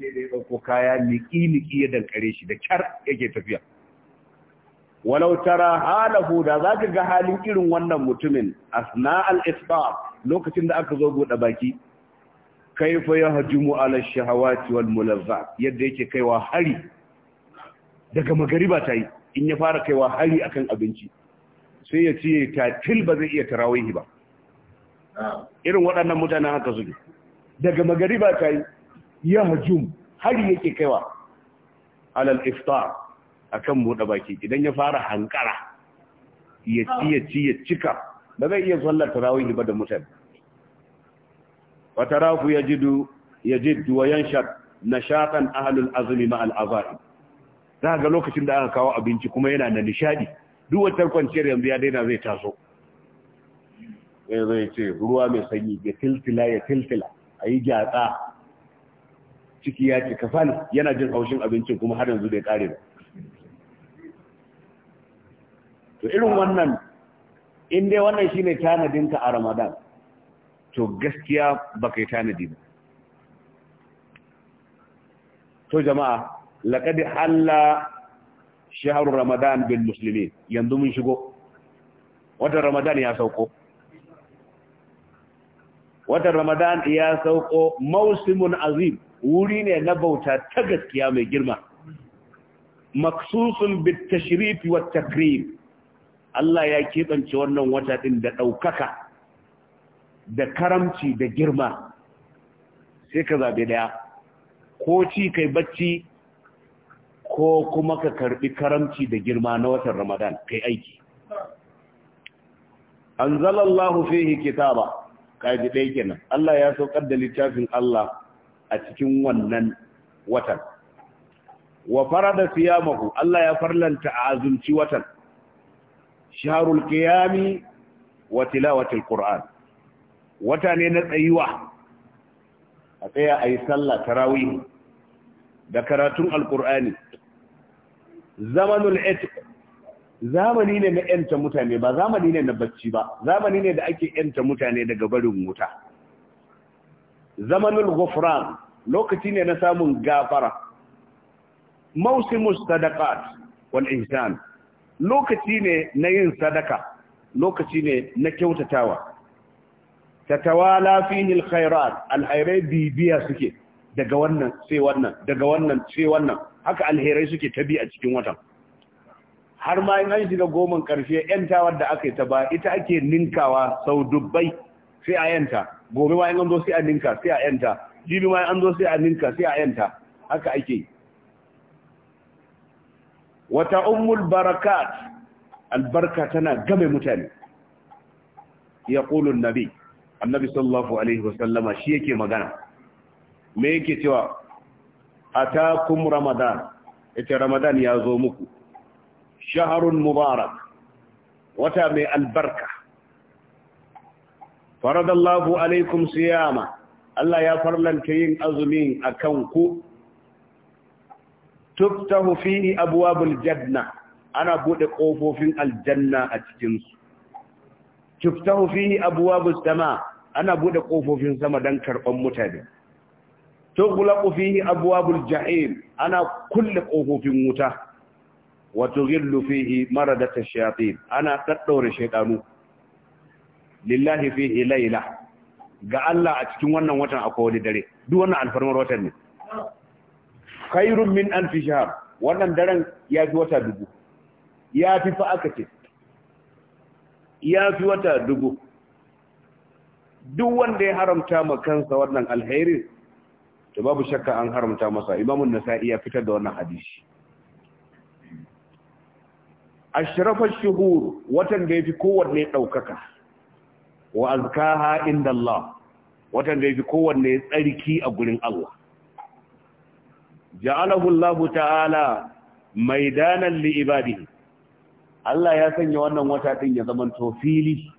ne da ya ɗauko kaya niki-niki ya dankare shi da kyar yake tafiya walau tara halahu da za ka ga halin irin wannan mutumin a sana'al isba lokacin da aka zo buɗe baki Kai fa ya hajimu ala shahawati wal mulazza yadda yake kaiwa hari daga magari ba ta yi in ya fara kaiwa hari akan abinci sai ya ce til ba zai iya tarawihi ba irin waɗannan mutanen haka suke daga magari ba ta yi ya hajjum hari yake kaiwa alal iftar akan buɗe baki idan ya fara hankara ya ci ya cika ba zai iya sallar tarawih ba da mutane wa tarahu yajidu yajid wa yanshad nashatan ahlul azmi ma al azari za ga lokacin da aka kawo abinci kuma yana da nishadi duk wata kwanciyar yanzu ya daina zai taso sai zai ce ruwa mai sanyi ya tiltila ya tiltila a yi gyatsa ciki ya ce kafan yana jin haushin abincin kuma har yanzu bai kare ba to irin wannan in dai wannan shine tanadinka a ramadan to gaskiya ba kai tanadi ba to jama'a laqad halla shahru ramadan bil muslimin yanzu mun shigo Wata ramadan ya sauko Wata ramadan ya sauko mausimun azim wuri ne na bauta ta gaskiya mai girma maksusun shirifi wa takrim Allah ya keɓance wannan wata ɗin da ɗaukaka da karamci da girma sai ka zaɓi ɗaya ko ci kai bacci ko kuma ka karɓi karamci da girma na watan ramadan kai aiki an zalallahu yi kitaba Ka ji ɗaya kenan Allah ya saukar da littafin Allah a cikin wannan watan wa farada siyamahu Allah ya farlanta a azumci watan shahrul qiyami wa tilawatil qur'an wata ne na tsayuwa a tsaya ayi sallah tarawih da karatun alqur'ani zamanul itq zamani ne na yanta mutane ba zamani ne na bacci ba zamani ne da ake yanta mutane daga barin wuta zamanul ghufran lokaci ne na samun gafara mausimus sadaqat wal ihsan lokaci ne na yin sadaka lokaci ne na kyautatawa tatawala fihi al khairat al bibiya suke daga wannan sai wannan daga wannan sai wannan haka alherai suke tabi a cikin watan har ma in an shiga goman karshe tawar da aka yi ta ba ita ake ninkawa sau dubbai sai a yanta gobe ma in an zo sai a ninka sai a yanta jibi ma an zo sai a ninka sai a yanta haka ake wata ummul barakat albarka tana game mutane ya ƙulun nabi annabi sallallahu alaihi wasallama shi yake magana me yake cewa atakum ramadan ita ramadan ya zo muku shaharun mubarak wata mai albarka faradallahu alaikum siyama Allah ya farlanta yin azumin akan ku tuftahu fihi abwabul janna ana bude kofofin aljanna a cikin su tuftahu fihi abwabus sama ana bude kofofin sama don karɓar mutane tughlaqu fihi abwabul jahim ana kulle kofofin wuta Wato tughillu fihi mara da ta shayatin ana daddaure shaytanu lillahi fihi Laila. ga Allah a cikin wannan watan akwai wani dare duk wannan alfarmar watan ne khairun min alf shahr wannan daren ya fi wata dubu ya fi fa aka ce ya fi wata dubu duk wanda ya haramta ma kansa wannan alheri to babu shakka an haramta masa imamu nasa'i ya fitar da wannan hadisi ashrafa shuhur watan da yafi kowanne daukaka wa azkaha inda Allah watan da fi kowanne tsarki a gurin Allah ja'alahu Allah ta'ala maidanan li ibadihi Allah ya sanya wannan wata din ya zama to fili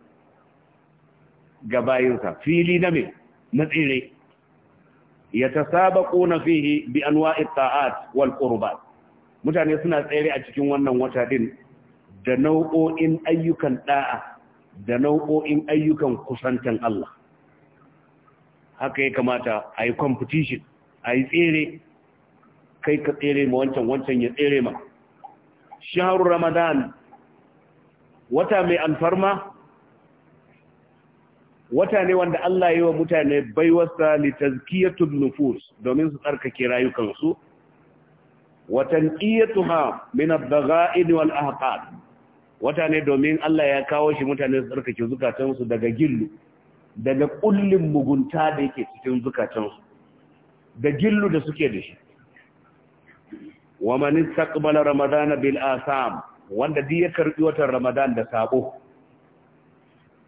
ga bayinsa fili na me na tsire yatasabaquna fihi bi anwa'i ta'at wal qurbat mutane suna tsere a cikin wannan wata din da nau'o'in ayyukan ɗa'a. da nau'o'in ayyukan kusantan Allah haka ya kamata a yi competition a yi tsere kai ka tsere ma wancan wancan ya tsere ma Shahar ramadan wata mai alfarma wata ne wanda Allah yi wa mutane baiwarsa litazkiyatul nufus domin su tsarkake rayukansu watan iyatuha min al daghaid wal ahqad wata ne domin Allah ya kawo shi mutane su tsarkake zukatansu daga gillu daga kullum mugunta da yake cikin zukatansu da gillu da suke da shi wa man istaqbala ramadana bil asam wanda dai ya karbi watan ramadan da sabo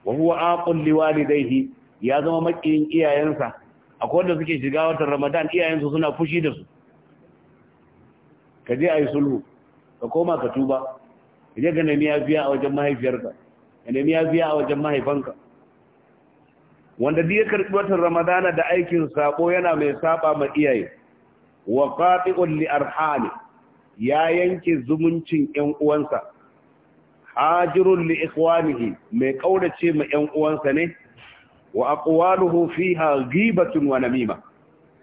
wa huwa aqul liwalidayhi ya zama makiyin iyayensa akwai wanda suke shiga watan ramadan iyayensu suna fushi da su ka je ayi sulhu ka koma ka tuba je ga nemi biya a wajen mahaifiyarka ya nemi biya a wajen mahaifanka wanda duk ya karbi watan ramadana da aikin sako yana mai saba ma iyaye wa qati'un li arhami ya yanke zumuncin ƴan uwansa hajirun li ikhwanihi mai kaurace ma ƴan uwansa ne wa aqwaluhu fiha ghibatun wa namima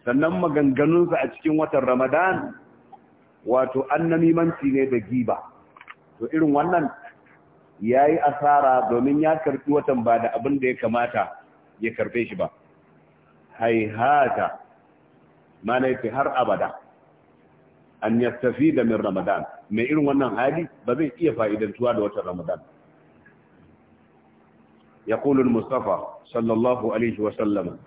sannan maganganunsa a cikin watan ramadan wato annamimanci ne da giba to irin wannan ya yi asara domin ya karfi watan ba da abin da ya kamata ya karfe shi ba haihata mana yafi har abada an yastafi da min ramadan mai irin wannan hali ba zai iya fa'idantuwa da watan ramadan ya kulun mustafa sallallahu alaihi wasallam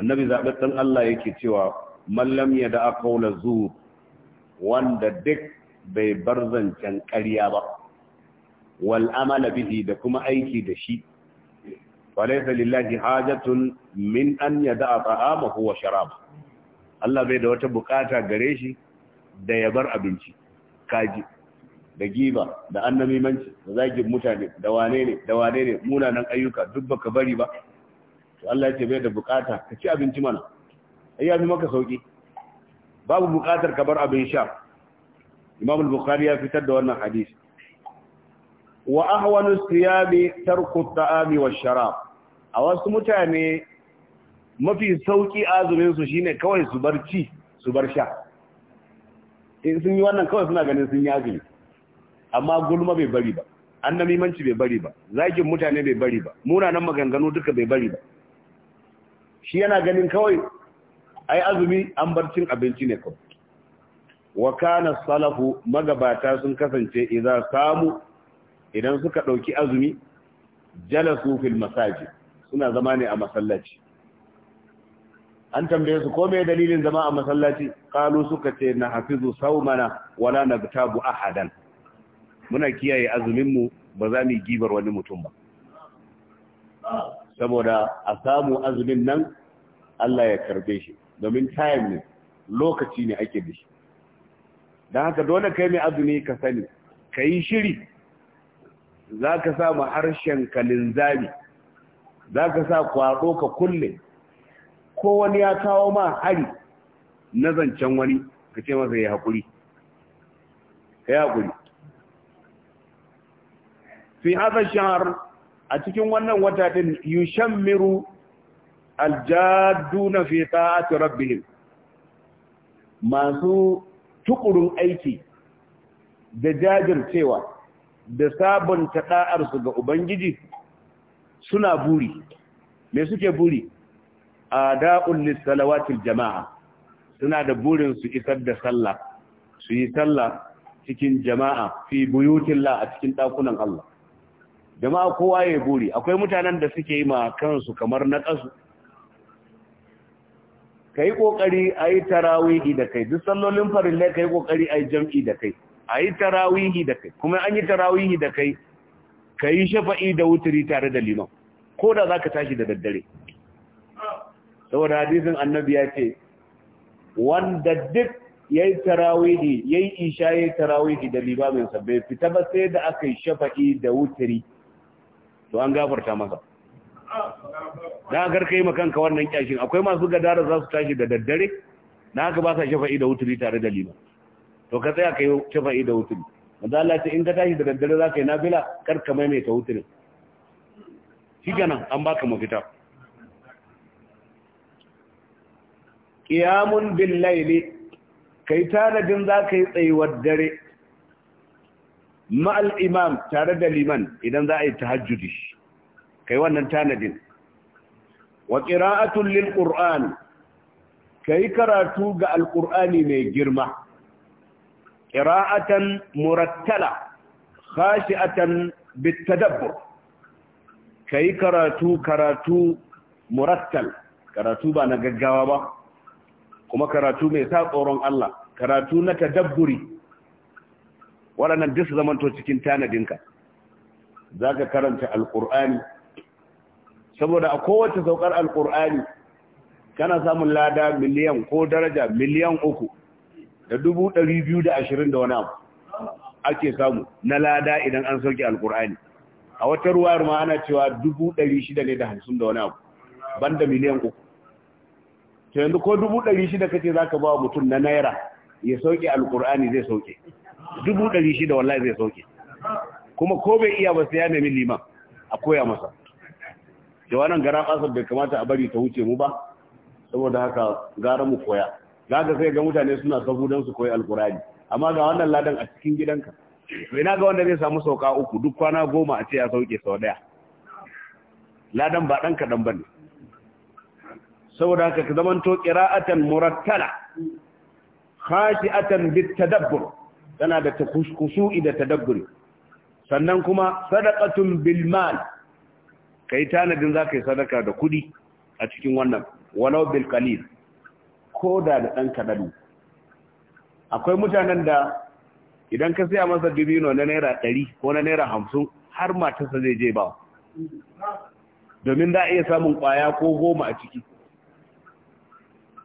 annabi zaɓaɓɓen allah yake cewa mallam ya da akaunar zuwa wanda duk bai bar zancen ƙarya ba wal amala bihi da kuma aiki da shi walaysa lillahi hajatun min an yada'a ta'amahu wa sharaba Allah bai da wata bukata gare shi da ya bar abinci kaji da giba da manci, da zagin mutane da wane ne da wane ne munanan ayyuka duk baka bari ba to Allah ya ce bai da bukata ka ci abinci mana ai ya fi maka sauki babu bukatar ka bar abin sha imam al-bukhari ya fitar da wannan hadisi wa ahwanu siyabi tarku taami wa sharab a wasu mutane mafi sauki azumin su shine kawai su barci su bar sha in sun yi wannan kawai suna ganin sun yi azumi amma gulma bai bari ba manci bai bari ba zakin mutane bai bari ba munanan maganganu duka bai bari ba shi yana ganin kawai ai azumi an bar cin abinci ne kawai wa kana salafu magabata sun kasance idan samu idan suka dauki azumi jalasu fil masajid suna zama ne a masallaci an tambaye su ko me dalilin zama a masallaci qalu suka ce na hafizu saumana wala nabtabu ahadan muna kiyaye azumin mu ba za mu gibar wani mutum ba saboda a samu azumin nan Allah ya karbe shi domin time ne lokaci ne ake da shi don haka dole kai mai azumi ka sani ka yi shiri za ka sa ma harshen linzami za ka sa kwaɗo ka kulle ko wani ya kawo ma hari na zancen wani ka ce masa ya haƙuri ka yi haƙuri fi haka shahar a cikin wannan wata ɗin yushammiru aljaduna fi ta'ati rabbihim masu tukurun aiki da jajircewa da sabonta ɗa'arsu ga Ubangiji suna buri, me suke buri? A da'un jama'a suna da burin su isar da sallah, su yi sallah cikin jama'a fi buyutin la a cikin ɗakunan Allah. Jama'a kowa ya buri, akwai mutanen da suke yi ma kansu kamar na ƙasu, ka yi ƙoƙari a yi tarawihi da kai duk sallolin farillai ka yi ƙoƙari a yi jam'i da kai a yi tarawihi da kai kuma an yi tarawihi da kai ka yi shafa'i da wuturi tare da liman ko da za ka tashi da daddare saboda hadisin annabi ya ce wanda duk ya yi tarawihi ya yi isha ya yi tarawihi da limamin sabbe fita ba sai da aka yi shafa'i da wuturi to an gafarta maka. da agar kai makanka wannan kyashin akwai masu gadara za su tashi da daddare na haka ba sa shafa da wuturi tare da liman to ka tsaya kai shafa da wuturi manzo Allah ce in ka tashi da daddare za ka yi nafila kar ka maimaita wuturin shikenan an baka mafita qiyamun bil layli kai din za ka yi tsayuwar dare ma'al imam tare da liman idan za a yi tahajjudi kai wannan tanadin wa qira'atul lil qur'an kai karatu ga alqur'ani mai girma qira'atan murattala khashi'atan bitadabbur kai karatu karatu murattal karatu ba na gaggawa ba kuma karatu mai sa tsoron Allah karatu na tadabburi waɗannan duk zamanto cikin tanadinka za ka karanta alƙur'ani saboda a kowace saukar alkur'ani kana samun lada miliyan ko daraja miliyan uku da dubu ɗari biyu da ashirin da wani abu ake samu na lada idan an sauke alkur'ani a wata ruwayar ma ana cewa dubu ɗari shida ne da hamsin da wani abu ban da miliyan uku to yanzu ko dubu ɗari shida kace za ka ba wa mutum na naira ya sauke alkur'ani zai sauke dubu ɗari shida wallahi zai sauke kuma ko bai iya ba sai ya nemi liman a koya masa cewa nan gara bai kamata a bari ta wuce mu ba saboda haka gara mu koya za sai ga mutane suna sabu don su koyi alkurani amma ga wannan ladan a cikin gidanka to ina ga wanda zai samu sauka uku duk kwana goma a ce ya sauke sau ɗaya ladan ba ɗan kaɗan ba ne saboda haka ka to ƙira'atan murattala atan bitadabbur tana da takushu'i da tadabburi sannan kuma sadaqatul bil mal ka yi tanadin za ka yi sadaka da kuɗi a cikin wannan walau bil qalil ko da da ɗan kaɗan akwai mutanen da idan ka saya masa dubino na naira ɗari ko na naira hamsin har matarsa zai je ba domin da iya samun ƙwaya ko goma a ciki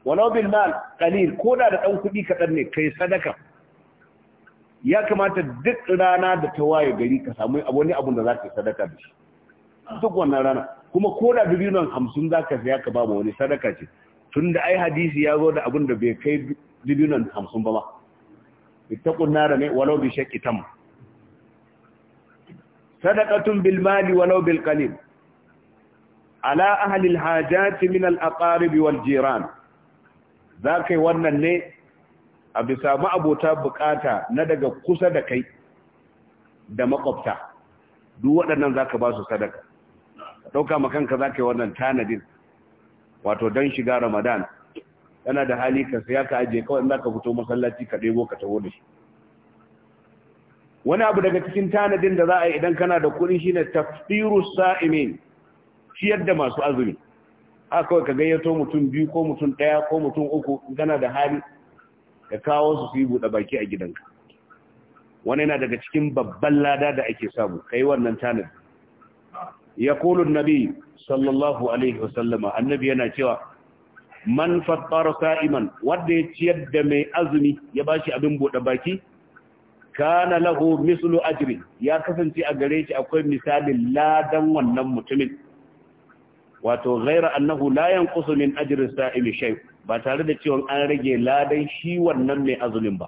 walau bil mal qalil ko da da ɗan kuɗi kaɗan ne kai sadaka ya kamata duk rana da ta waye gari ka samu wani abun da za ka yi sadaka da shi duk wannan rana kuma ko da dubinon hamsin za ka saya ka ba wani sadaka ce tun da ai hadisi ya zo da abin da bai kai nan hamsin ba ma ittaqun nara ne walau bi shakki tam sadaqatun bil mali walau bil qalil ala ahli al hajat min al aqarib wal jiran zakai wannan ne a bisa ma'abota bukata na daga kusa da kai da makwabta duk waɗannan zaka ba su sadaka ɗauka makanka za ka yi wannan tanadin wato don shiga ramadan yana da hali ka saya ka ajiye kawai za ka fito masallaci ka ɗebo ka taho da shi wani abu daga cikin tanadin da za a yi idan kana da kuɗi shine tafsiru sa'imin ciyar da masu azumi a kawai ka gayyato mutum biyu ko mutum ɗaya ko mutum uku gana da hali ka kawo su su yi buɗe baki a gidanka wani yana daga cikin babban lada da ake samu ka yi wannan tanadi يقول النبي صلى الله عليه وسلم النبي yana cewa man fattara sa'iman wanda ya ciyar da mai azumi ya ba shi abin buɗe baki kana lahu mislu ajri ya kasance a gare shi akwai misalin ladan wannan mutumin wato ghaira annahu la yanqusu min ajri sa'imi shay ba tare da cewa an rage ladan shi wannan mai azumin ba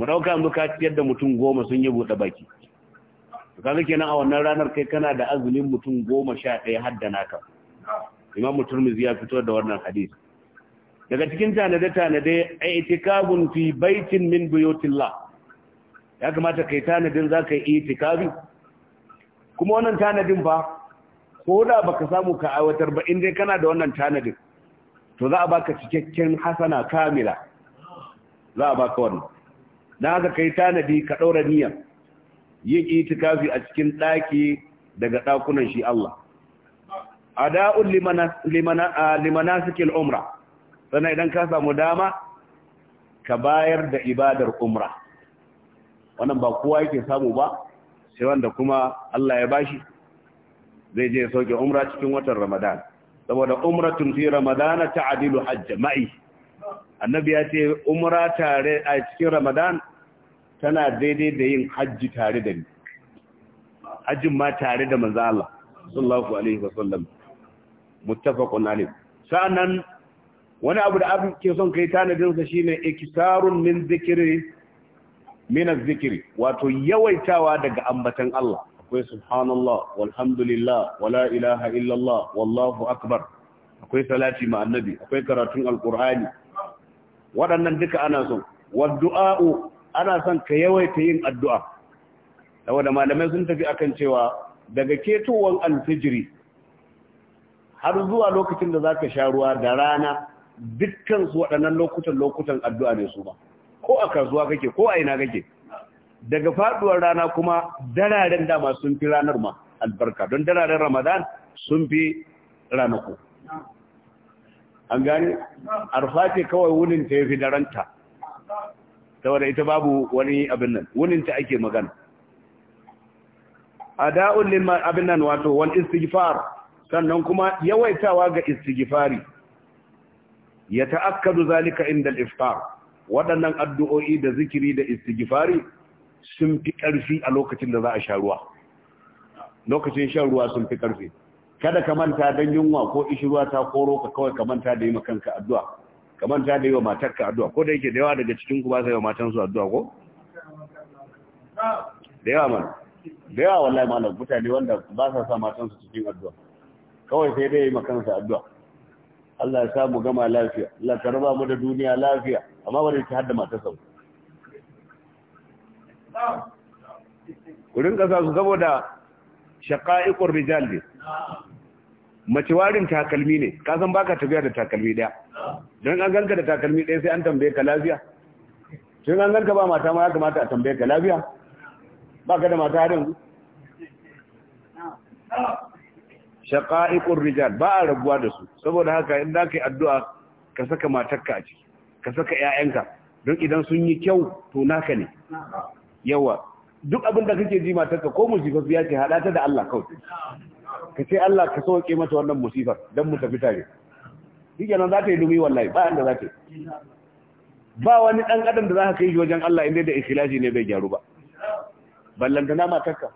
mu dauka muka ciyar da mutum goma sun yi buɗe baki ka kaga kenan a wannan ranar kai kana da azumin mutum goma sha ɗaya haddana ka imamu turmizi ya fito da wannan hadis daga cikin tanade-tanade a itikabun fi baitin min buyotillah ya kamata kai tanadin za ka yi itikabi kuma wannan tanadin ba ko da baka samu ka aiwatar ba inda kana da wannan tanadin to za a baka cikakken hasana kamila za a baka wannan na haka kai tanadi ka ɗaura niyyar yin itikafi a cikin ɗaki daga ɗakunan shi Allah ada'un limana suke umra sannan idan ka samu dama ka bayar da ibadar umra wannan ba kowa yake samu ba sai wanda kuma Allah ya bashi zai je sauke umra cikin watan ramadan saboda umratun fi ramadana ta'dilu hajj ma'i annabi ya ce umra tare a cikin ramadan tana daidai da yin hajji tare da ni hajjin ma tare da manzo Allah sallallahu alaihi wasallam muttafaqun alaihi sa'annan wani abu da abin ke son kai tanadin sa shine ikisarun min zikri min zikri wato yawaitawa daga ambatan Allah akwai subhanallah walhamdulillah wala ilaha illallah wallahu akbar akwai salati ma annabi akwai karatun alqur'ani waɗannan duka ana son wa du'a'u ana son ka yawaita yin addu'a saboda malamai sun tafi akan cewa daga ketowar alfijiri har zuwa lokacin da za ka sha ruwa da rana dukkan su waɗannan lokutan lokutan addu'a ne su ba ko a kasuwa kake ko a ina kake daga faɗuwar rana kuma dararen dama sun fi ranar ma albarka don dararen ramadan sun fi ranaku an gani arfa ce kawai wunin ta ya fi daranta saboda ita babu wani abin nan wunin ta ake magana ada'un lil abin nan wato wal istighfar sannan kuma yawaitawa ga istighfari ya ta'akkadu zalika inda al-iftar waɗannan addu'o'i da zikiri da istighfari sun fi ƙarfi a lokacin da za a sha ruwa lokacin shan ruwa sun fi ƙarfi kada ka manta dan yunwa ko ishi ta koro ka kawai ka manta da yi kanka addu'a kamar ta da yi wa ka addu'a ko da yake da yawa daga cikin ku ba sai wa matansu addu'a ko da yawa mana da yawa wallahi malam mutane wanda ba sa sa matansu cikin addu'a kawai sai dai ma kansa addu'a Allah ya samu gama lafiya Allah ka raba mu da duniya lafiya amma ba da ta hadda matarsa ku rinka kasa su saboda shaqa'iqur rijal ne mace warin takalmi ne ka san baka tafiya da takalmi daya don an ganka da takalmi ɗaya sai an tambaye ka lafiya tun an ganka ba mata ma ya kamata a tambaye ka lafiya ba ka da mata harin shaƙa'iƙun rijal ba a rabuwa da su saboda haka inda ka yi addu'a ka saka matarka a ciki ka saka ‘ya'yanka don idan sun yi kyau to naka ne yawa duk abin da kake ji matarka ko musifafi ya ce haɗata da Allah kawai ka ce Allah ka sauke mata wannan musifar don mu tafi tare dike nan za ta yi dumi wallahi ba yanda za ta yi ba wani ɗan adam da za ka kai shi wajen Allah inda da ikhlasi ne bai gyaru ba ballantana matarka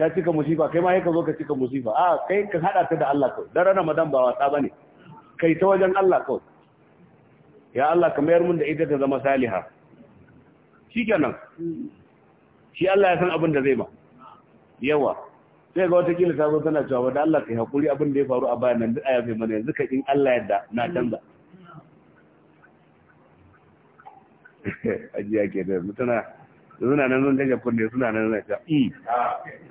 ta cika musifa kai ma ka zo ka cika musifa a kai ka hada ta da Allah kawai dan rana madan ba wasa bane kai ta wajen Allah kawai ya Allah ka mayar mun da ita ta zama saliha shikenan shi Allah ya san abin da zai ma yawa sai ga watakila ta zo tana cewa da Allah ka yi haƙuri abin da ya faru a bayan nan duk aya mana yanzu ka in Allah yadda na canza ajiya ke da yanzu tana suna nan zan gaje kunne suna nan zan ta hmm,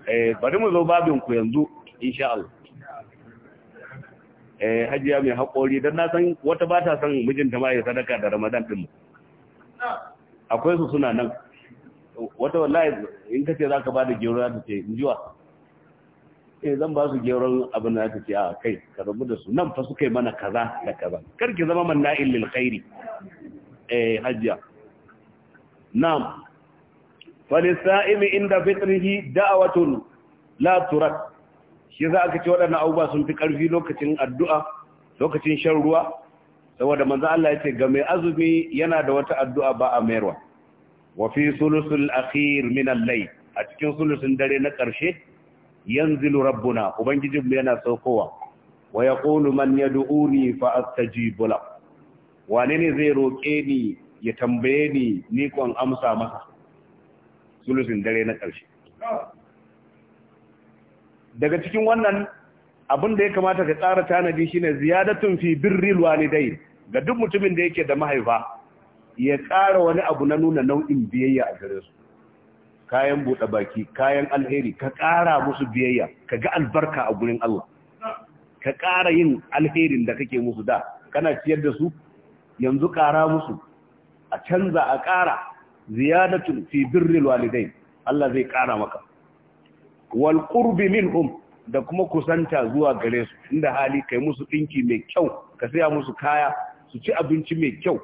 eh bari mu zo babin ku yanzu insha Allah eh hajiya mai haƙori dan na san wata ba ta san mijinta ma ya sadaka da Ramadan din mu akwai su suna nan wata wallahi in kace zaka bada gero za ta ce jiwa. eh zan ba su geron abin da aka ce a kai ka rabu da su nan fa suka yi mana kaza da kaza karki zama man na'il lil khairi eh hajja na'am fa inda fitrihi da'watun la turat shi za aka ce waɗannan abubuwa sun fi ƙarfi lokacin addu'a lokacin shan ruwa saboda manzo Allah ya ce ga mai azumi yana da wata addu'a ba a mayarwa wa fi sulusul akhir min al-layl a cikin sulusun dare na ƙarshe yanzilu rabbuna mu yana saukowa wa yaqulu man yad'uni fa astajibu la wane ne zai roke ni ya tambaye ni ni kon amsa masa sulusin dare na ƙarshe daga cikin wannan abin da ya kamata ka tsara tanadi shine ziyadatun fi birril walidai ga duk mutumin da yake da mahaifa ya ƙara wani abu na nuna nau'in biyayya a gare su kayan buɗe baki kayan alheri ka ƙara musu biyayya ka ga albarka a gurin Allah ka ƙara yin alherin da kake musu da kana ciyar da su yanzu ƙara musu a canza a ƙara ziyadatun fi birril walidain Allah zai ƙara maka wal qurbi minhum da kuma kusanta zuwa gare su inda hali kai musu dinki mai kyau ka saya musu kaya su ci abinci mai kyau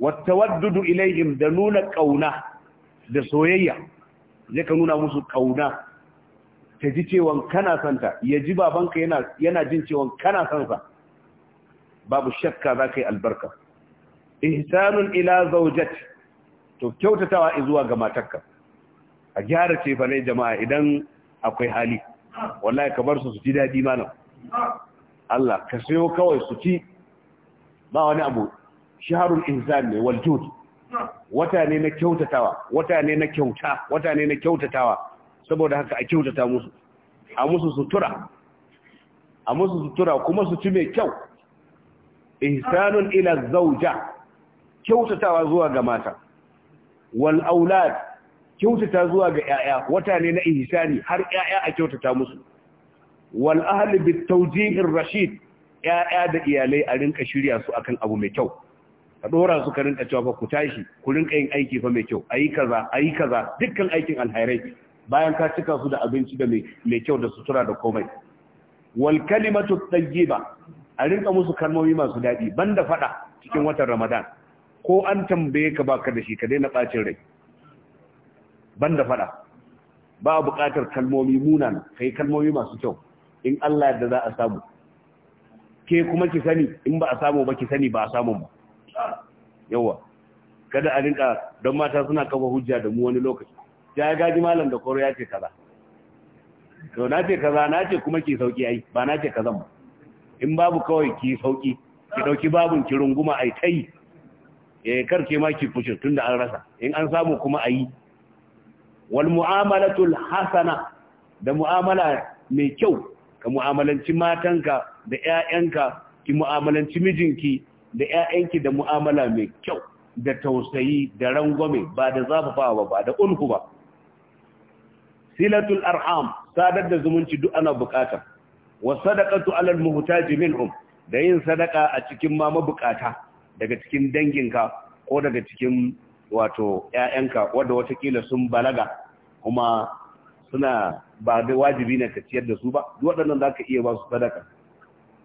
wattawaddudu ilaihim da nuna kauna da soyayya zai ka nuna musu kauna ta ji cewa kana santa ya ji babanka yana jin cewan kana sansa babu shakka za ka yi albarka ihsanun ila zaujat to kyautatawa zuwa ga matarka a gyara ce jama'a idan akwai hali wallahi ka bar su su ji daɗi malam Allah ka sayo kawai su ci ba wani abu shaharun ihsan ne waljudu wata ne na kyautatawa wata ne na kyauta wata ne na kyautatawa saboda haka a kyautata musu a musu sutura a musu sutura kuma su ci mai kyau ihsanun ila zauja kyautatawa zuwa ga mata wal aulad kyautata zuwa ga yaya wata ne na ihsani har yaya a kyautata musu wal ahli bit tawjihir rashid yaya da iyalai a rinka shirya su akan abu mai kyau a dora su ka rinka cewa ku tashi ku rinka yin aiki fa mai kyau ayi kaza ayi kaza dukkan aikin alhairai bayan ka cika su da abinci da mai kyau da sutura da komai wal kalimatu tayyiba a rinka musu kalmomi masu daɗi banda fada cikin watan Ramadan ko an tambaye ka baka da shi ka daina bacin rai banda fada ba buƙatar kalmomi munan kai kalmomi masu kyau in Allah da za a samu ke kuma ki sani in ba a samu ba ki sani ba a samu ba yawa kada a rinka don mata suna kafa hujja da mu wani lokaci ya gaji malam da koro ya ce kaza to na ce kaza na ce kuma ki sauki ai ba na ce kazan ba in babu kawai ki sauki ki dauki babun ki runguma ai tai eh kar ke ma ki fushin tunda an rasa in an samu kuma ayi wal mu'amalatul hasana da mu'amala mai kyau ka mu'amalanci matanka da ƴaƴanka ki mu'amalanci mijinki da 'ya'yanki da mu'amala mai kyau da tausayi da rangwame ba da zafafawa ba da ulku ba silatul arham sadar da zumunci duk ana bukata wa sadaqatu alal muhtaji minhum da yin sadaka a cikin ma mabukata daga cikin danginka ko daga cikin wato ƴaƴanka wanda watakila sun balaga kuma suna ba da wajibi ne ka ciyar da su ba waɗannan za ka iya ba su sadaka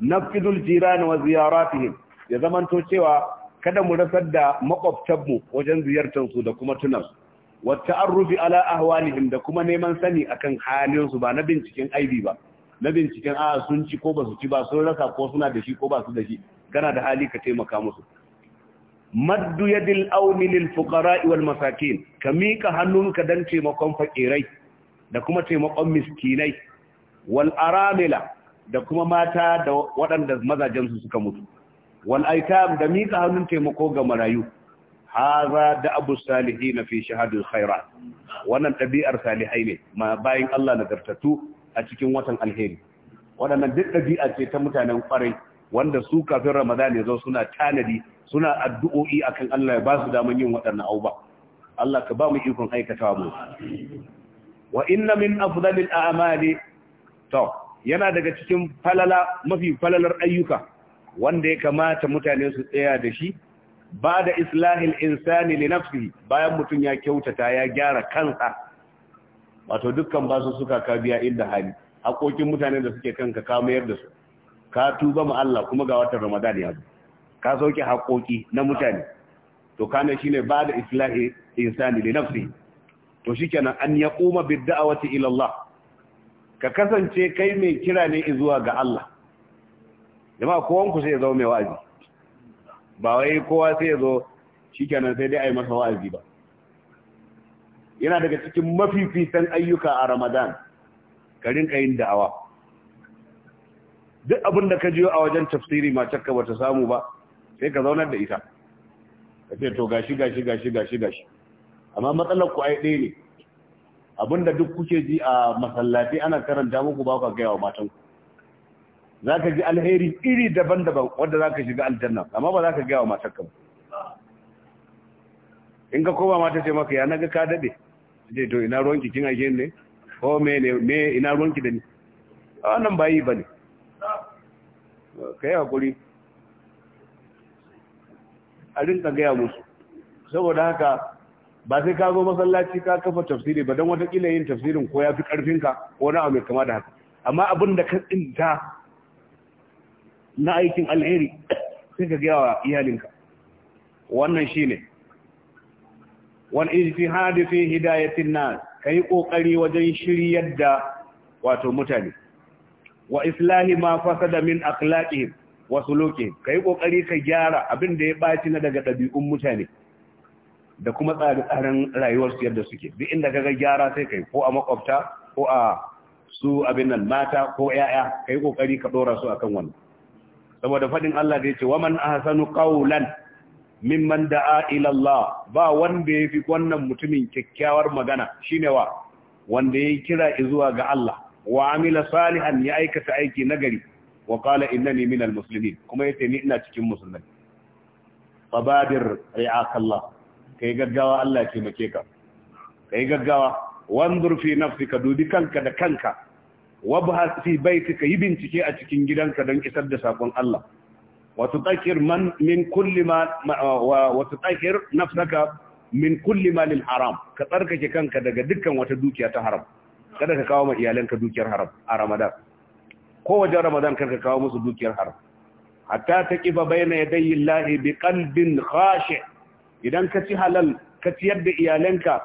nafidul jiran wa ziyaratihim ya zamanto cewa kada mu rasar da makwabtanmu wajen ziyartar su da kuma tunansu wata an rufi ala ahwalihim da kuma neman sani akan halinsu ba na binciken aibi ba na binciken a sun ci ko ba su ci ba sun rasa ko suna da shi ko ba su da shi kana da hali ka taimaka musu maddu yadil auni lil fuqara'i wal masakin ka mika hannunka dan taimakon fakirai da kuma taimakon miskinai wal aramila da kuma mata da waɗanda mazajensu suka mutu wani aitam da miƙa hannun taimako ga marayu haza da abu salihi na fi shahadul khaira wannan ɗabi'ar salihai ne ma bayan Allah nagartattu a cikin watan alheri waɗannan duk ɗabi'a ce ta mutanen ƙwarai wanda su kafin ramadan ya zo suna tanadi suna addu'o'i akan Allah ya ba su daman yin waɗannan auba Allah ka ba mu ikon aikata mu wa inna min afdalil a'mali to yana daga cikin falala mafi falalar ayyuka wanda ya kamata mutane su tsaya da shi ba da islahil insani li nafsi bayan mutum ya kyautata ya gyara kansa wato dukkan ba su suka ka biya inda hali haƙoƙin mutane da suke kanka ka mayar da su ka tuba ma Allah kuma ga watan Ramadan ya zo ka sauke haƙoƙi na mutane to kana shine ba da islahi insani li nafsi to shikenan an yaquma bid da'wati ila Allah ka kasance kai mai kira ne zuwa ga Allah jama'a kowan ku sai ya zama mai wa'azi ba wai kowa sai ya zo shikenan sai dai a masa wa'azi ba yana daga cikin mafifitan ayyuka a ramadan ka rinka yin da'awa duk abin da ka jiyo a wajen tafsiri matarka ba ta samu ba sai ka zaunar da ita ka ce to gashi gashi gashi gashi gashi amma matsalar ku ai ɗaya ne abinda duk kuke ji a masallaci ana karanta muku ba ku gaya wa matanku za ka ji alheri iri daban-daban wadda za ka shiga aljanna amma ba za ka gaya wa kan in ka koma mata ce maka ya naga ka daɗe ce to ina ruwanki kin aje ne ko me ne me ina ruwanki da ni a wannan ba yi ba ne ka yi haƙuri a rinka gaya musu saboda haka ba sai ka zo masallaci ka kafa tafsiri ba don watakila yin tafsirin ko ya fi ƙarfinka ko na abu mai kama da haka amma abin da ka tsinta na aikin alheri sai ka gaya wa iyalinka wannan shi ne wani in fi na ka yi kokari wajen shiryar da wato mutane wa islahi ma fasa da min akhlaqihim wa sulukihim kai kokari ka gyara abin da ya baci na daga ɗabi'un mutane da kuma tsare-tsaren rayuwarsu yadda suke duk inda kaga gyara sai kai ko a makwabta ko a su abin nan mata ko 'ya'ya kai kokari ka dora su akan wannan saboda faɗin Allah da ya ce waman ahsanu qawlan mimman da'a ilallah ba wanda yafi wannan mutumin kyakkyawar magana shine wa wanda yayi kira izuwa ga Allah wa amila salihan ya aikata aiki nagari wa qala innani minal muslimin kuma yace ni ina cikin musulmai fabadir ri'akallah yi gaggawa Allah ya taimake ka yi gaggawa wanzur fi ka dubi kanka da kanka wabhar fi baitika yi bincike a cikin gidanka don isar da sakon Allah wa tutahhir man min kulli ma wa nafsaka min kulli ma lil haram ka tsarkake kanka daga dukkan wata dukiya ta haram kada ka kawo ma iyalanka dukiyar haram a Ramadan ko wajen Ramadan kar ka kawo musu dukiyar haram hatta taqiba bayna yadayi Allah bi qalbin khashi idan ka ci halal ka ciyar da iyalanka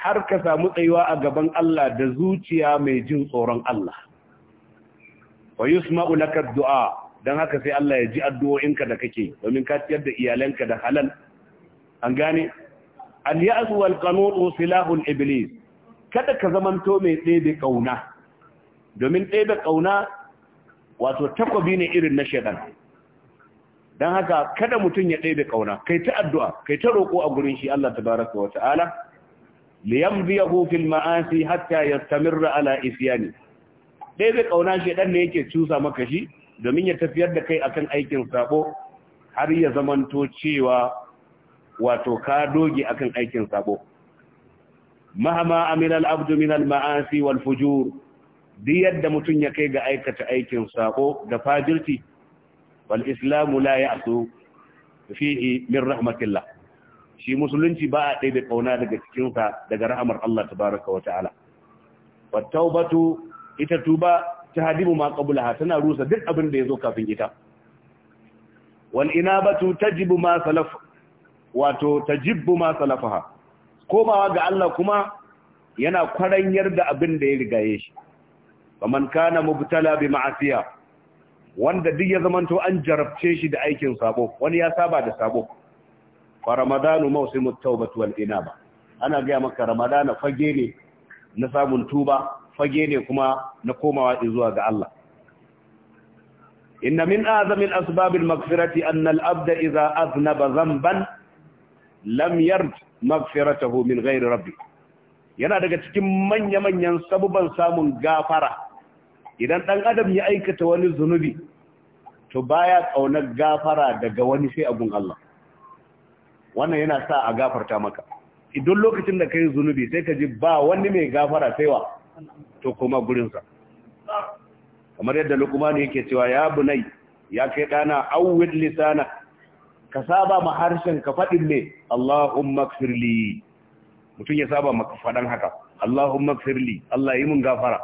har ka samu tsayuwa a gaban Allah da zuciya mai jin tsoron Allah wa yusma'u laka du'a dan haka sai Allah ya ji addu'o'inka da kake domin ka ciyar da iyalanka da halal an gane al-ya'su wal qanutu silahul iblis kada ka zamanto mai tsebe kauna domin tsebe kauna wato takobi ne irin na shedan dan haka kada mutun ya tsebe kauna kai ta addu'a kai ta roko a gurin shi Allah tabaaraka wa ta'ala liyamdiyahu fil ma'asi hatta yastamirra ala isyani dai zai kauna shi dan ne yake cusa maka shi domin ya tafiyar da kai akan aikin sabo har ya zamanto cewa wato ka doge akan aikin sabo mahama amila al-abdu min al-ma'asi wal fujur di yadda mutun ya kai ga aikata aikin sabo da fajirti wal islamu la ya'su fihi min rahmatillah shi musulunci ba a ɗaya da daga cikinsa daga rahamar Allah tabaraka wa ta'ala wattaubatu ita tuba ta hadimu ma qablaha tana rusa duk abin da yazo kafin ita batu ta jibu ma salaf wato jibu ma salafaha komawa ga Allah kuma yana kwaranyar da abin da ya rigaye shi faman kana mubtala bi ma'asiya wanda duk ya zamanto an jarabce shi da aikin sabo wani ya saba da sabo fa ramadanu mawsimut tawbati wal inaba ana ga maka ramadana fage ne na samun tuba fage ne kuma na komawa zuwa ga Allah inna min azamin asbabil maghfirati anna al-abda idha aznaba dhanban lam yard maghfiratahu min ghairi rabbi yana daga cikin manya-manyan sabuban samun gafara idan dan adam ya aikata wani zunubi to baya kaunar gafara daga wani sai abun Allah wannan yana sa a gafarta maka idan lokacin da kai zunubi sai ka ji ba wani mai gafara saiwa wa to kuma gurinsa kamar yadda lukman yake cewa ya bunai ya kai ɗana awwid lisana ka saba ma harshen ka fadin ne Allahumma ighfirli mutum ya saba maka fadan haka Allahumma ighfirli Allah yi mun gafara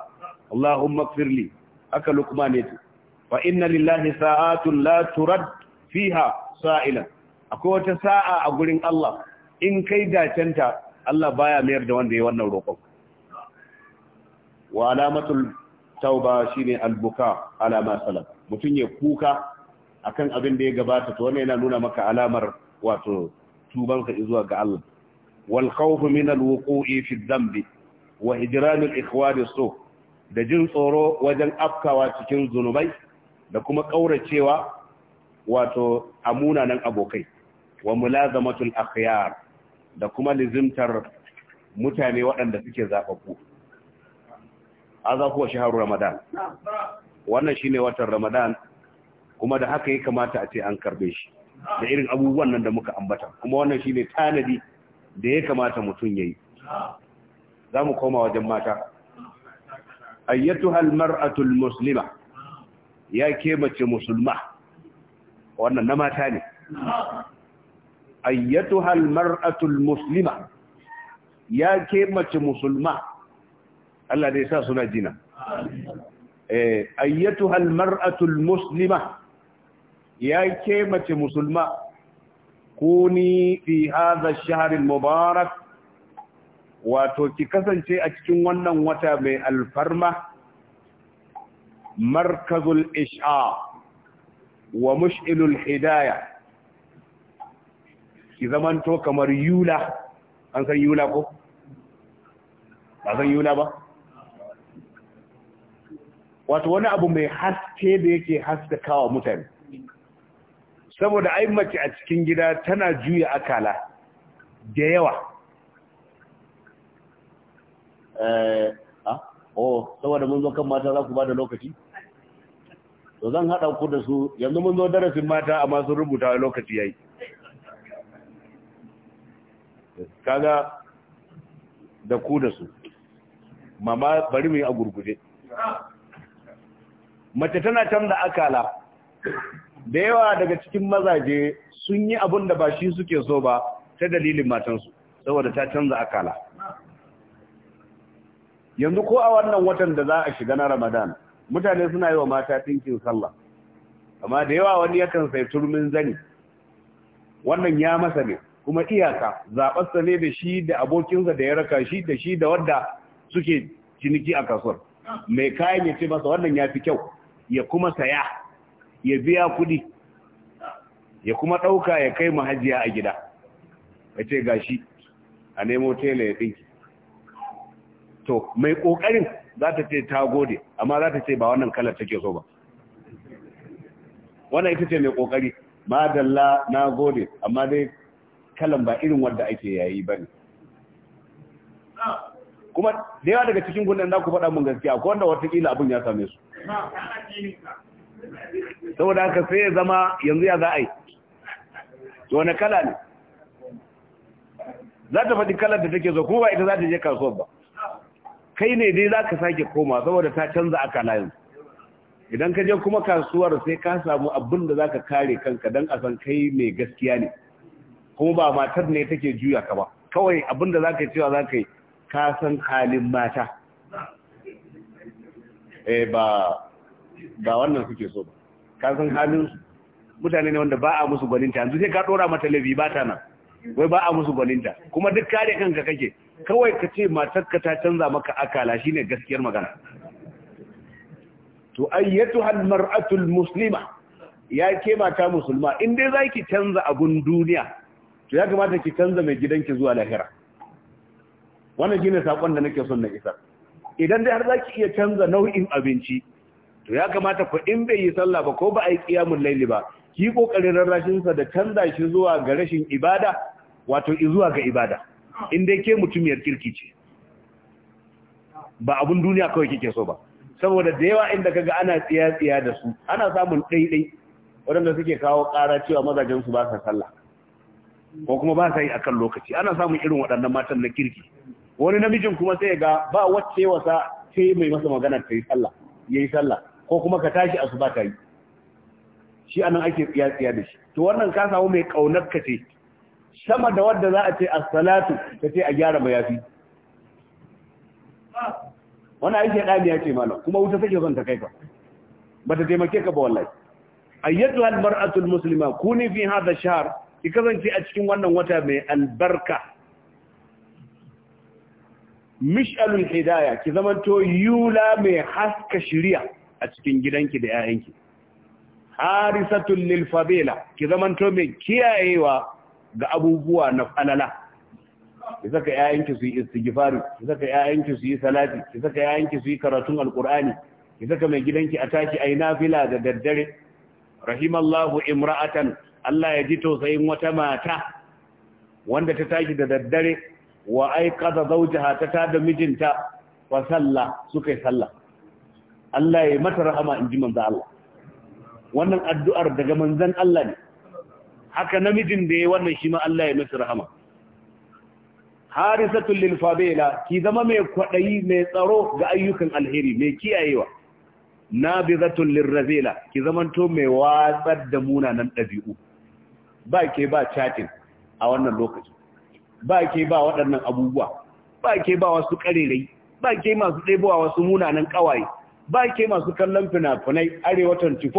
Allahumma ighfirli haka lukman yake fa inna lillahi sa'atun la turad fiha sa'ilan akwai wata sa'a a gurin Allah in kai dacenta Allah baya mayar da wanda ya wannan roƙon wa alamatul tauba shine albuka alama salam mutun ya kuka akan abin da ya gabata to wannan yana nuna maka alamar wato tuban ka zuwa ga Allah wal khawf min wuqu'i fi dhanbi wa hijran alikhwani su da jin tsoro wajen afkawa cikin zunubai da kuma kauracewa wato amuna nan abokai wa mulazamatul akhyar da kuma lizimtar mutane waɗanda suke zaɓaɓɓu aza kuwa ramadan wannan shine watan ramadan kuma da haka ya kamata a ce an karbe shi da irin abubuwan nan da muka ambata kuma wannan shine tanadi da ya kamata mutum yayi za mu koma wajen mata ayyatuhal mar'atul muslima ya ke mace musulma wannan na mata ne ayyatuha almar'atul muslima ya ke mace musulma Allah da yasa suna jina Ayyatu eh, ayyatuha almar'atul muslima ya ke mace musulma kuni fi hadha ash-shahr mubarak wato ki kasance a cikin wannan wata mai alfarma markazul ish'a wa mush'ilul hidayah ki zamanto kamar yula an san yula ko ba san yula ba wato wani abu mai haske da yake kawo mutane saboda ai mace a cikin gida tana juya akala da yawa eh ah oh saboda mun zo kan mata za ku ba da lokaci to zan haɗa ku da su yanzu mun zo darasin mata amma sun rubuta lokaci yayi kaga da ku da su mama bari mu yi a mace tana can da akala da yawa daga cikin mazaje sun yi abin da ba shi suke so ba ta dalilin matansu saboda ta canza akala yanzu ko a wannan watan da za a shiga na ramadan mutane suna yi wa mata tinkin sallah amma da yawa wani yakan sai turmin zani wannan ya masa ne kuma iyaka zaɓarsa ne da shi da abokinsa da ya raka shi da shi da wadda suke ciniki a kasuwar mai kayan ya ce masa wannan ya fi kyau ya kuma saya ya biya kuɗi ya kuma ɗauka ya kai mahajiya a gida ya ce ga shi a nemo tela ya ɗinki to mai ƙoƙarin za ta ce ta gode amma za ta ce ba wannan kalar take so ba wannan ita ce mai ƙoƙari madalla na gode amma dai kalan ba irin wanda ake yayi ba ne kuma da yawa daga cikin gudun za ku faɗa mun gaskiya ko wanda watakila abin ya same su saboda haka sai ya zama yanzu ya za a yi wane kala ne za ta faɗi kalar da take zo kuma ba ita za ta je kasuwar ba kai ne dai za ka sake koma saboda ta canza aka yanzu. idan ka je kuma kasuwar sai ka samu abin da za ka kare kanka don a san kai mai gaskiya ne kuma ba matar ne take juya ka ba kawai abinda za ka yi cewa za ka yi ka san halin mata eh ba ba wannan suke so ba ka san halin mutane ne wanda ba a musu gwaninta yanzu sai ka dora mata laifi ba ta nan wai ba a musu gwaninta kuma duk kare kanka kake kawai ka ce matar ka ta canza maka akala shine gaskiyar magana to ayyatuhal mar'atul muslima ya ke mata musulma in dai zaki canza abun duniya to ya kamata ki canza mai gidanki zuwa lahira wannan shine sakon da nake son na isa. idan dai har zaki iya canza nau'in abinci to ya kamata ku in bai yi sallah ba ko ba a yi qiyamul layli ba ki kokarin rarrashin sa da canza shi zuwa ga rashin ibada wato zuwa ga ibada in dai ke mutum ya kirki ce ba abun duniya kawai kike so ba saboda da yawa inda kaga ana tsiya tsiya da su ana samun daidai waɗanda suke kawo ƙara cewa mazajen su ba sa sallah ko kuma ba sa yi a kan lokaci ana samun irin waɗannan matan na kirki wani namijin kuma sai ga ba wacce wasa sai mai masa magana ta yi sallah ya yi sallah ko kuma ka tashi ba ta yi shi anan ake tsiya tsiya da shi to wannan ka samu mai kaunar ka ce sama da wadda za a ce a salatu ta ce a gyara mayafi wani aiki ɗani ya ce mana. kuma wuta take son ta kai ka ba ta taimake ka ba wallahi ayyatu al-mar'atu al-muslima kuni fi hadha ash-shahr ki kasance a cikin wannan wata mai albarka mish'alul hidaya ki zamanto yula mai haska shiriya a cikin gidanki da 'ya'yanki harisatul lil fadila ki zamanto mai kiyayewa ga abubuwa na falala ki saka 'ya'yanki su yi istighfari ki saka 'ya'yanki su yi salati ki saka 'ya'yanki su yi karatun alqur'ani ki saka mai gidanki a tashi ayi nafila da daddare rahimallahu imra'atan Allah ya ji tausayin wata mata wanda ta tashi da daddare wa aikata zaujaha ta tada mijinta wa salla suka yi salla Allah ya mata rahama in ji manzan Allah wannan addu'ar daga manzan Allah ne haka namijin da ya wannan shi ma Allah ya mata rahama harisatul lil fadila ki zama mai kwadayi mai tsaro ga ayyukan alheri mai kiyayewa nabizatul lirrazila ki zamanto mai watsar da munanan ɗabi'u ba ke ba chatting a wannan lokaci ba ke ba waɗannan abubuwa ba ke ba wasu karerai ba ke masu ɗebowa wasu munanan ƙawaye ba ke masu kallon fina-finai arewa 24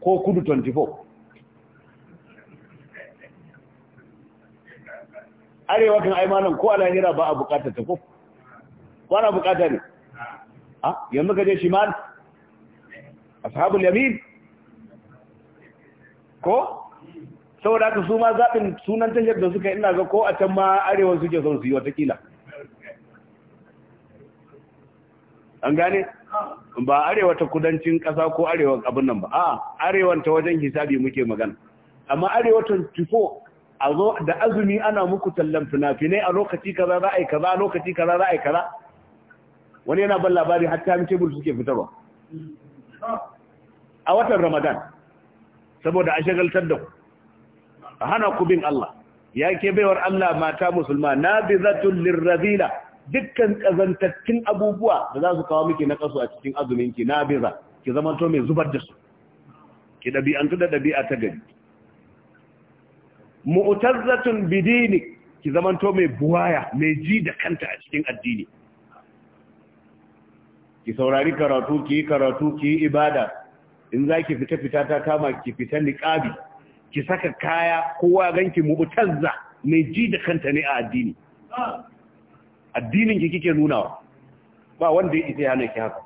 ko kudu 24 arewa kan aimanin ko alahira ba a bukata ta ko kwana bukata ne a yanzu ka je shimal ashabul yamin ko saboda haka su ma zaɓin sunan tashar da suka ina ga ko a can ma arewa suke son su yi watakila an gane ba arewa ta kudancin ƙasa ko arewa abin nan ba a arewa ta wajen hisabi muke magana amma arewa ta tufo da azumi ana muku tallan finafinai finai a lokaci kaza za a yi kaza a lokaci kaza za a yi kaza wani yana ban labari har ta mace bulu suke fitarwa a watan ramadan saboda a shagaltar da ku a hana ku bin Allah ya ke baiwar Allah mata musulma Na zatun lirrazila dukkan kazantattun abubuwa da za su kawo miki na kasu a cikin azumin ki za ki zama to mai zubar da su ki ɗabi'antu da dabi'a ta gari mu'tazzatun bidini ki zama to mai buwaya mai ji da kanta a cikin addini ki saurari karatu ki yi karatu ki ibada in za ki fita fita ta kama ki fita niƙabi ki saka kaya kowa ganki mubtazza mai ji da kanta ne a addini addinin ki kike nunawa ba wanda ya isa yana ki haka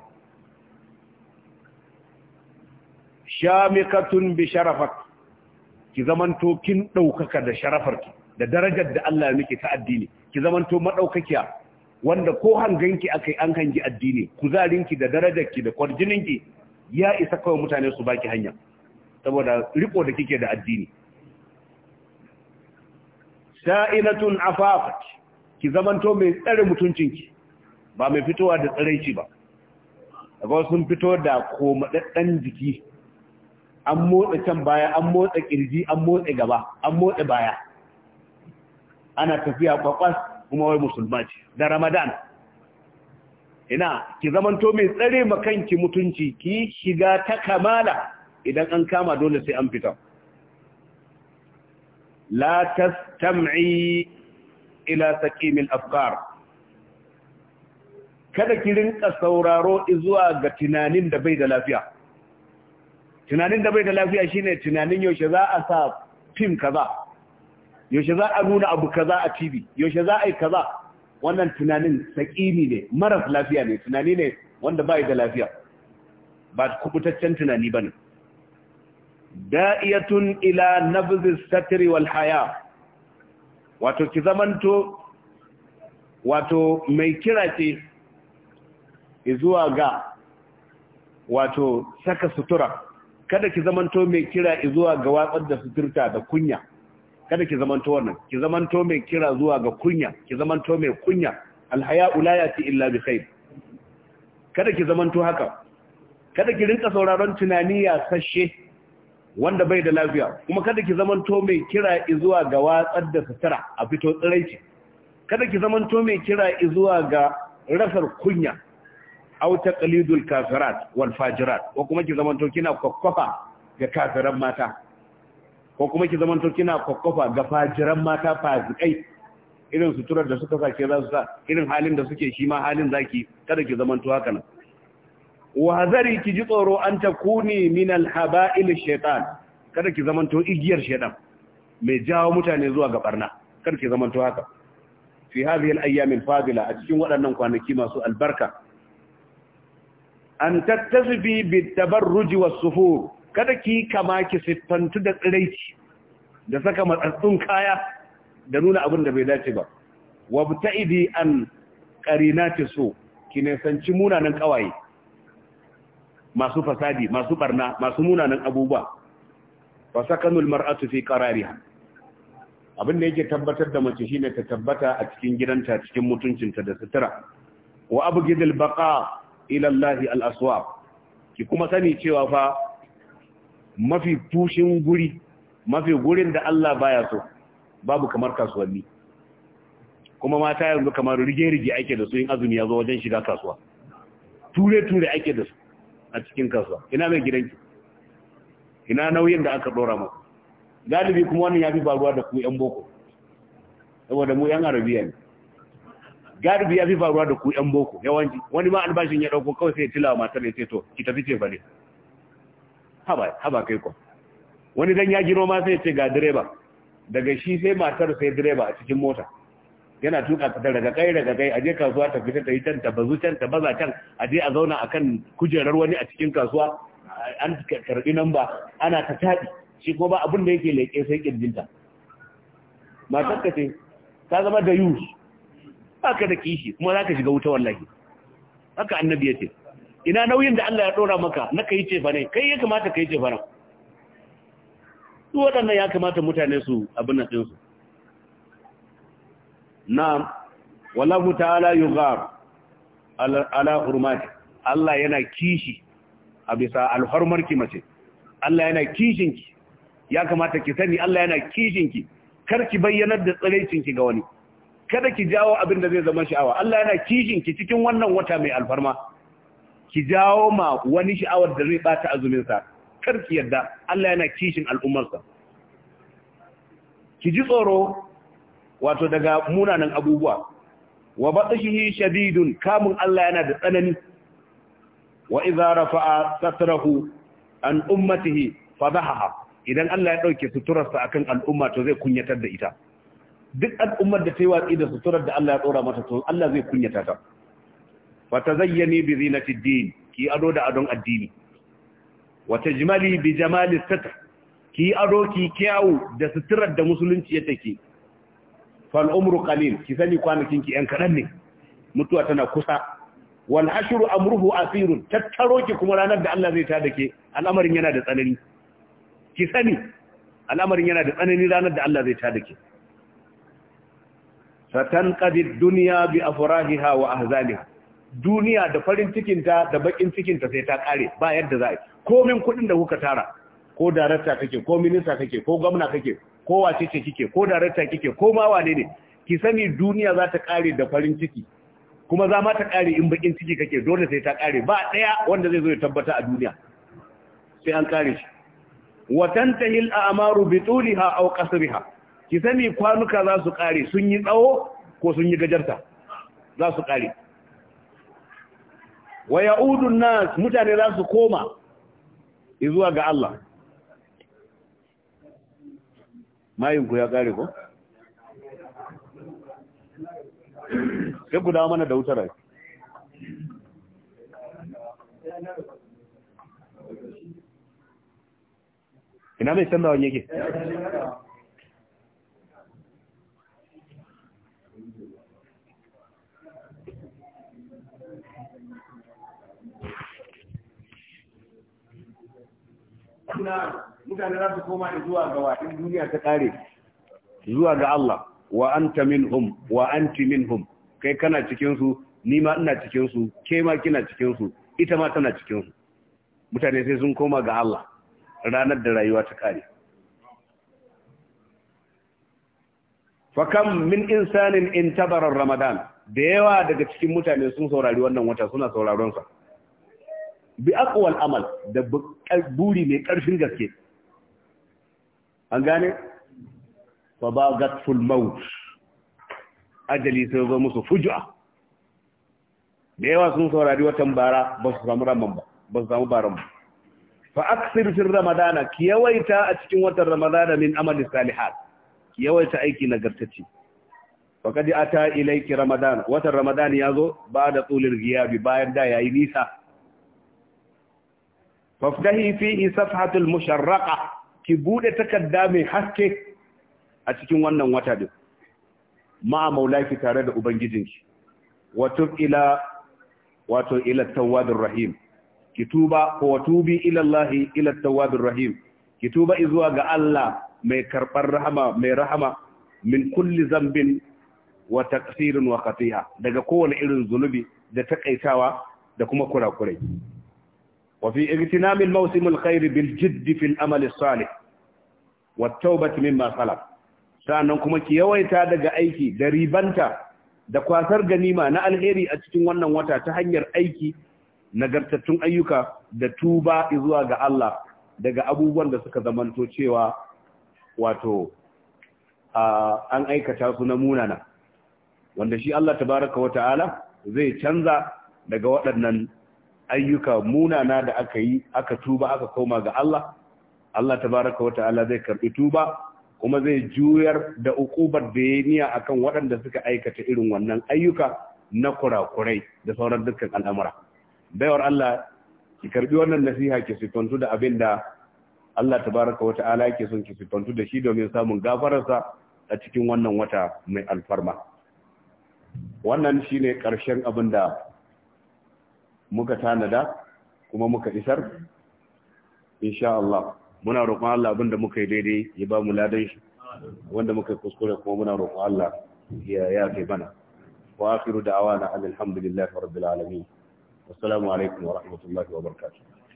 shamikatun bi sharafat ki zamanto kin daukaka da sharafarki da darajar da Allah ya miki ta addini ki zamanto madaukakiya wanda ko hanganki akai an hangi addini kuzarinki da darajarki da kwarjininki ya isa kawai mutane su baki hanya saboda riko da kike da addini sa'ilatun afafat ki zamanto mai tsare mutuncinki ba mai fitowa da tsaraici ba daga sun fito da komadaddan jiki an motsa can baya an motsa kirji an motsa gaba an motsa baya ana tafiya kwakwas kuma wai musulma ce da ramadan ina ki zamanto mai tsare makanki mutunci ki shiga ta kamala idan an kama dole sai an fita la tastam'i ila saqimil afkar kada ki rinka sauraro zuwa ga tunanin da bai da lafiya tunanin da bai da lafiya shine tunanin yaushe za a sa fim kaza yaushe za a nuna abu kaza a TV yaushe za a yi kaza wannan tunanin sakimi ne maras lafiya ne tunani ne wanda bai da lafiya ba kubutaccen tunani bane da'iyatun ila nabzi satri wal haya wato ki zamanto wato mai kira ce zuwa ga wato saka sutura kada ki zamanto mai kira zuwa ga watsar da suturta da kunya kada ki zamanto wannan ki zamanto mai kira zuwa ga kunya ki zamanto mai kunya alhaya'u la yati illa bi khair kada ki zamanto haka kada ki rinka sauraron tunani ya sashe wanda bai da lafiya kuma kada ki zamanto mai kira izuwa ga watsar da sutura a fito tsiraici kada ki zamanto mai kira izuwa ga rasar kunya aw taqlidul kafirat wal fajirat ko kuma ki zamanto kina kokkofa ga kafiran mata ko kuma ki zamanto kina kokkofa ga fajiran mata fazikai irin suturar da suka sake za su sa irin halin da suke shi ma halin zaki kada ki to haka nan wa zari ki ji tsoro an ta kuni min alhaba'il shaitan kada ki to igiyar shaitan mai jawo mutane zuwa ga barna kada ki zamanto haka fi hadhihi al alfadila a cikin waɗannan kwanaki masu albarka an tattazibi bi tabarruj was-suhur kada ki kama ki siffantu da tsiraici da saka matsatsun kaya da nuna abin da bai dace ba wabta'idi an qarinati su ki ne sanci munanan kawaye masu fasadi masu barna masu munanan abubuwa wa sakanul mar'atu fi qarariha abin da yake tabbatar da mace shine ta tabbata a cikin gidanta cikin mutuncinta da sutura wa abghidil baqa ila allahi al ki kuma sani cewa fa mafi tushin guri mafi gurin da Allah baya so babu kamar kasuwanni kuma mata yanzu kamar rige-rige ake da su yin azumi ya zo wajen shiga kasuwa ture-ture ake da su a cikin kasuwa ina mai gidanki ina nauyin da aka dora maka galibi kuma wannan ya fi faruwa da ku yan boko saboda mu yan arabiya ne galibi ya fi faruwa da ku yan boko yawanci wani ma albashin ya dauko kawai sai ya tilawa matar ya ce to ki tafi ce bane haba haba kai ko wani dan ya giro ma sai ya ce ga direba daga shi sai matar sai direba a cikin mota yana tuka ta daga kai daga kai aje kasuwa ta fita ta yi can ta bazu can ta baza can aje a zauna akan kujerar wani a cikin kasuwa an karbi namba ana ta tadi shi kuma ba abin da yake leƙe sai kirjinta matar ka ce ta zama da yus ba ka da kishi kuma za ka shiga wuta wallahi haka annabi ya ce ina nauyin da Allah ya ɗora maka na kai ce fa ne kai ya kamata kai ce fa nan su waɗannan ya kamata mutane su abin nan ɗinsu na'am wallahu ta'ala yughar ala Allah yana kishi a bisa alhormarki mace Allah yana kishinki ya kamata ki sani Allah yana kishinki kar ki bayyanar da tsaraicinki ga wani kada ki jawo abin da zai zama sha'awa Allah yana kishinki cikin wannan wata mai alfarma ki jawo ma wani sha'awar da zai bata azumin sa kar ki yadda Allah yana kishin al'ummarsa ki ji tsoro wato daga munanan abubuwa wa batshihi shadidun kamun Allah yana da tsanani wa idza rafa'a satrahu an ummatihi fadahaha idan Allah ya dauke suturarsa akan al'umma to zai kunyatar da ita duk al'ummar da ta yi watsi da suturar da Allah ya dora mata to Allah zai kunyata ta wa tazayyani bi zinati din ki ado da adon addini wa tajmali bi jamali satr ki ado ki kyau da suturar da musulunci ya take fal umru qalil ki sani kwanakin ki yan kadan ne mutuwa tana kusa wal ashru amruhu asir tattaro ki kuma ranar da Allah zai ta ke al'amarin yana da tsanani ki sani al'amarin yana da tsanani ranar da Allah zai tada ke satanqadi dunya bi afrahiha wa ahzaliha duniya da farin cikinta da bakin cikinta sai ta kare ba yadda za komin kudin da kuka tara ko darakta kake ko minista kake ko gwamna kake ko wace ce kike ko darakta kike ko ma wane ne ki sani duniya za ta kare da farin ciki kuma za ma ta kare in bakin ciki kake dole sai ta kare ba daya wanda zai zo ya tabbata a duniya sai an kare shi wa tantahi al-a'maru bi tuliha aw qasriha ki sani kwanuka za su kare sun yi tsawo ko sun yi gajarta za su kare wa ya'udun nas mutane za su koma zuwa ga Allah mayin ku ya kare ko sai guda mana da wutar ai ina mai wani yake mutane za su koma zuwa ga duniya ta ƙare, zuwa ga Allah wa anta minhum wa anti minhum kai kana cikin su ni ma ina cikin su ke ma kina cikin su ita ma tana cikin su mutane sai sun koma ga Allah ranar da rayuwa ta kare fakam min insanin intabarar ramadan da yawa daga cikin mutane sun saurari wannan wata suna sauraron sa bi aqwal amal da buri mai karfin gaske an gane fa ba gatful maut ajali sai zo musu fujua da yawa sun saurari watan bara ba su samu raman ba ba su samu baran ba fa aksir fi ramadana ki yawaita a cikin watan ramadana min amali salihat ki yawaita aiki gartaci fa kadi ata ilayki Ramadana, watan ramadan yazo ba da tsulin giyabi bayan da yayi nisa faftahi fihi safhatul musharraqa ki bude takarda mai haske a cikin wannan wata din ma maulaki tare da ubangijinki wato ila wato ila tawwabir rahim ki tuba ko tubi ila Allah ila tawwabir rahim ki tuba izuwa ga Allah mai karbar rahama mai rahama min kulli zambin wa taqsirin wa khati'a daga kowane irin zunubi da takaitawa da kuma kurakurai وفي اغتنام الموسم الخير بالجد في الامل الصالح والتوبه مما خلف sannan kuma ki yawaita daga aiki da ribanta da kwasar ganima na alheri a cikin wannan wata ta hanyar aiki nagartattun ayyuka da tuba zuwa ga Allah daga abubuwan da suka zamanto cewa wato an aikata su na munana wanda shi Allah tabaraka wa ta'ala zai canza daga waɗannan ayyuka munana da aka yi aka tuba aka koma ga Allah Allah tabaraka wa ta'ala zai karbi tuba kuma zai juyar da ukubar da ya niya akan waɗanda suka aikata irin wannan ayyuka na kurakurai da sauran dukkan al'amura baiwar Allah ki karbi wannan nasiha ki sifantu da abinda Allah tabaraka wa ta'ala yake son ki sifantu da shi domin samun gafararsa a cikin wannan wata mai alfarma wannan shine karshen abinda muka tanada kuma muka isar insha Allah muna roƙon Allah abinda muka yi daidai ya ba mu ladan shi wanda muka yi kuskure kuma muna roƙon Allah ya yafe bana wa akhiru da'awana alhamdulillahi rabbil alamin wassalamu alaikum wa rahmatullahi wa barakatuh